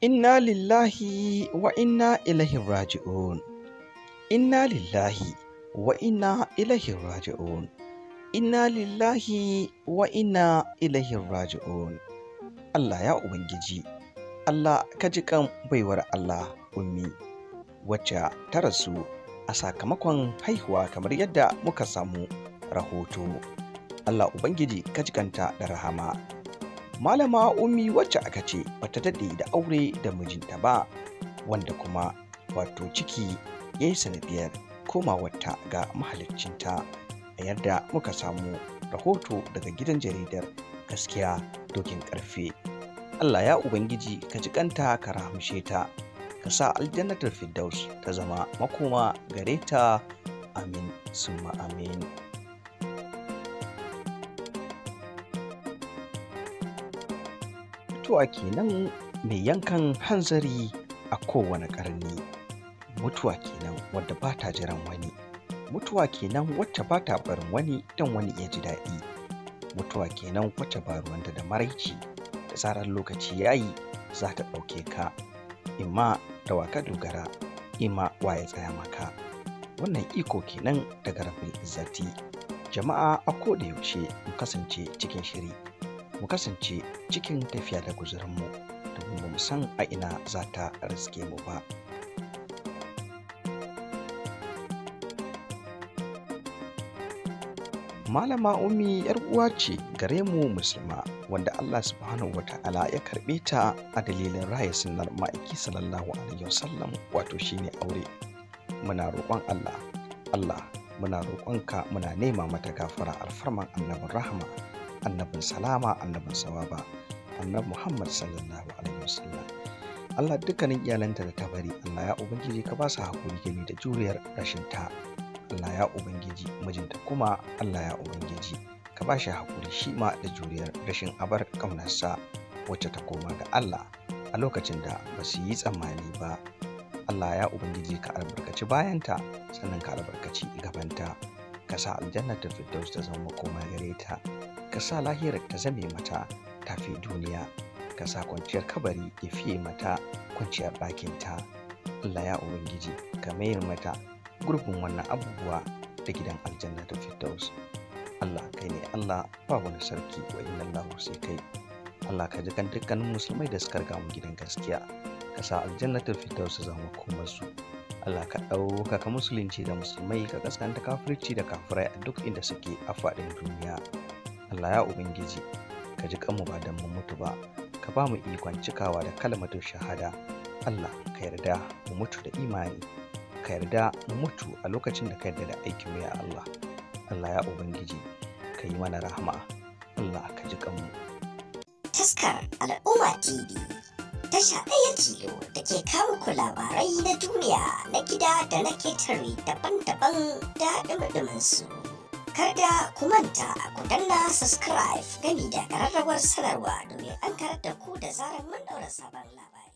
inna lillahi wa inna ilahi raji'un inna lillahi wa inna ilahi raji'un inna lillahi wa inna ilahi raji'un Allah ya ubangiji Allah ka ji kan baiwar Allah ummi wacce ta rasu a sakamakon haihuwa kamar yadda muka samu rahoto Allah ubangiji ka jikanta da rahama malama ummi wacce aka ce bata daɗe da aure da mijinta ba wanda kuma wato ciki ya yi sanadiyar komawarta ga mahaliccinta a yadda muka samu rahoto daga gidan jaridar gaskiya dokin ƙarfe. allah ya ubangiji ka ji kanta ka rahamshe ta ka sa Aljanatar firdaus ta zama makoma gare ta amin summa amin mutuwa kenan mai yankan hanzari a kowane ƙarni mutuwa kenan wadda ba ta jiran wani mutuwa kenan wacce ba ta barin wani don wani ya ji daɗi mutuwa kenan wacce ba ruwan da maraici da tsarar lokaci ya yi za ta ɗauke ka imma da waka dogara imma wa ya tsaya maka wannan iko kenan daga rabin izzati jama'a a da yaushe kasance cikin shiri mu kasance cikin tafiya da guzurinmu da mu san a ina za ta riske mu ba. Malama Umi ‘yar uwa ce gare mu musulma wanda Allah subhanahu wa ta'ala ya karɓe ta a dalilin raya sunnar ma'aiki sallallahu alaihi wasallam wato shine aure. Muna roƙon Allah, Allah muna roƙonka muna nema mata gafara alfarman annabin rahama annabin salama annabin sawaba annabi muhammad sallallahu alaihi wasallam Allah dukkanin iyalanta da ta bari Allah ya ubangiji ka ba su hakuri gani da juriyar rashin Allah ya ubangiji mijinta kuma Allah ya ubangiji ka ba shi hakuri shi ma da juriyar rashin abar kaunarsa wacce ta koma ga Allah a lokacin da ba su yi tsammani ba Allah ya Ubangiji ka albarkaci bayanta sannan ka albarkaci gabanta ka sa aljannar ta firdaus ta zama koma gare ta ka sa lahirar ta zame mata ta fi duniya ka sa kwanciyar kabari ya fiye mata kwanciyar ta Allah ya ubangiji ka mayar mata gurbin wannan abubuwa da gidan aljanna ta fitaus Allah kai ne Allah ba wani sarki wa inna Allah sai kai Allah ka ji kan dukkanin musulmai da suka riga mu gidan gaskiya ka sa fitaus su zama kuma su Allah ka ɗaukaka musulunci da musulmai ka kaskanta kafirci da kafirai a duk inda suke a faɗin duniya. Allah ya Ubangiji ka ji kanmu ba don mu mutu ba ka ba mu ikon cikawa da kalmatin shahada Allah ka yarda mu mutu da imani ka yarda mu mutu a lokacin da ka yarda da aikin ya Allah Allah ya Ubangiji ka yi mana rahama Allah ka ji kanmu taskar al'umma TV tasha ɗaya tilo da ke kawo ku labarai na duniya na gida da na ketare daban-daban da ɗumɗuminsu. Kada ku manta ku danna subscribe gami da ƙararrawar sanarwa domin an karar da ku da zarar mun ɗaura sabon labari.